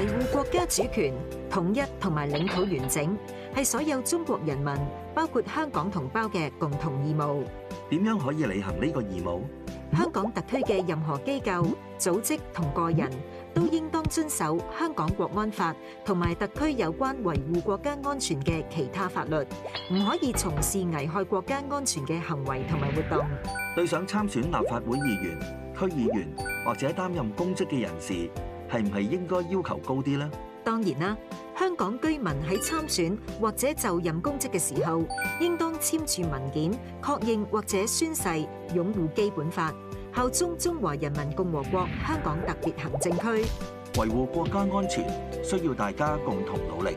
維護國家主權、統一同埋領土完整，係所有中國人民，包括香港同胞嘅共同義務。點樣可以履行呢個義務？香港特區嘅任何機構、組織同個人都應當遵守香港國安法同埋特區有關維護國家安全嘅其他法律，唔可以從事危害國家安全嘅行為同埋活動。對想參選立法會議員、區議員或者擔任公職嘅人士，係唔係應該要求高啲呢？當然啦，香港居民喺參選或者就任公職嘅時候，應當簽署文件，確認或者宣誓擁護基本法，效忠中華人民共和國香港特別行政區，維護國家安全，需要大家共同努力。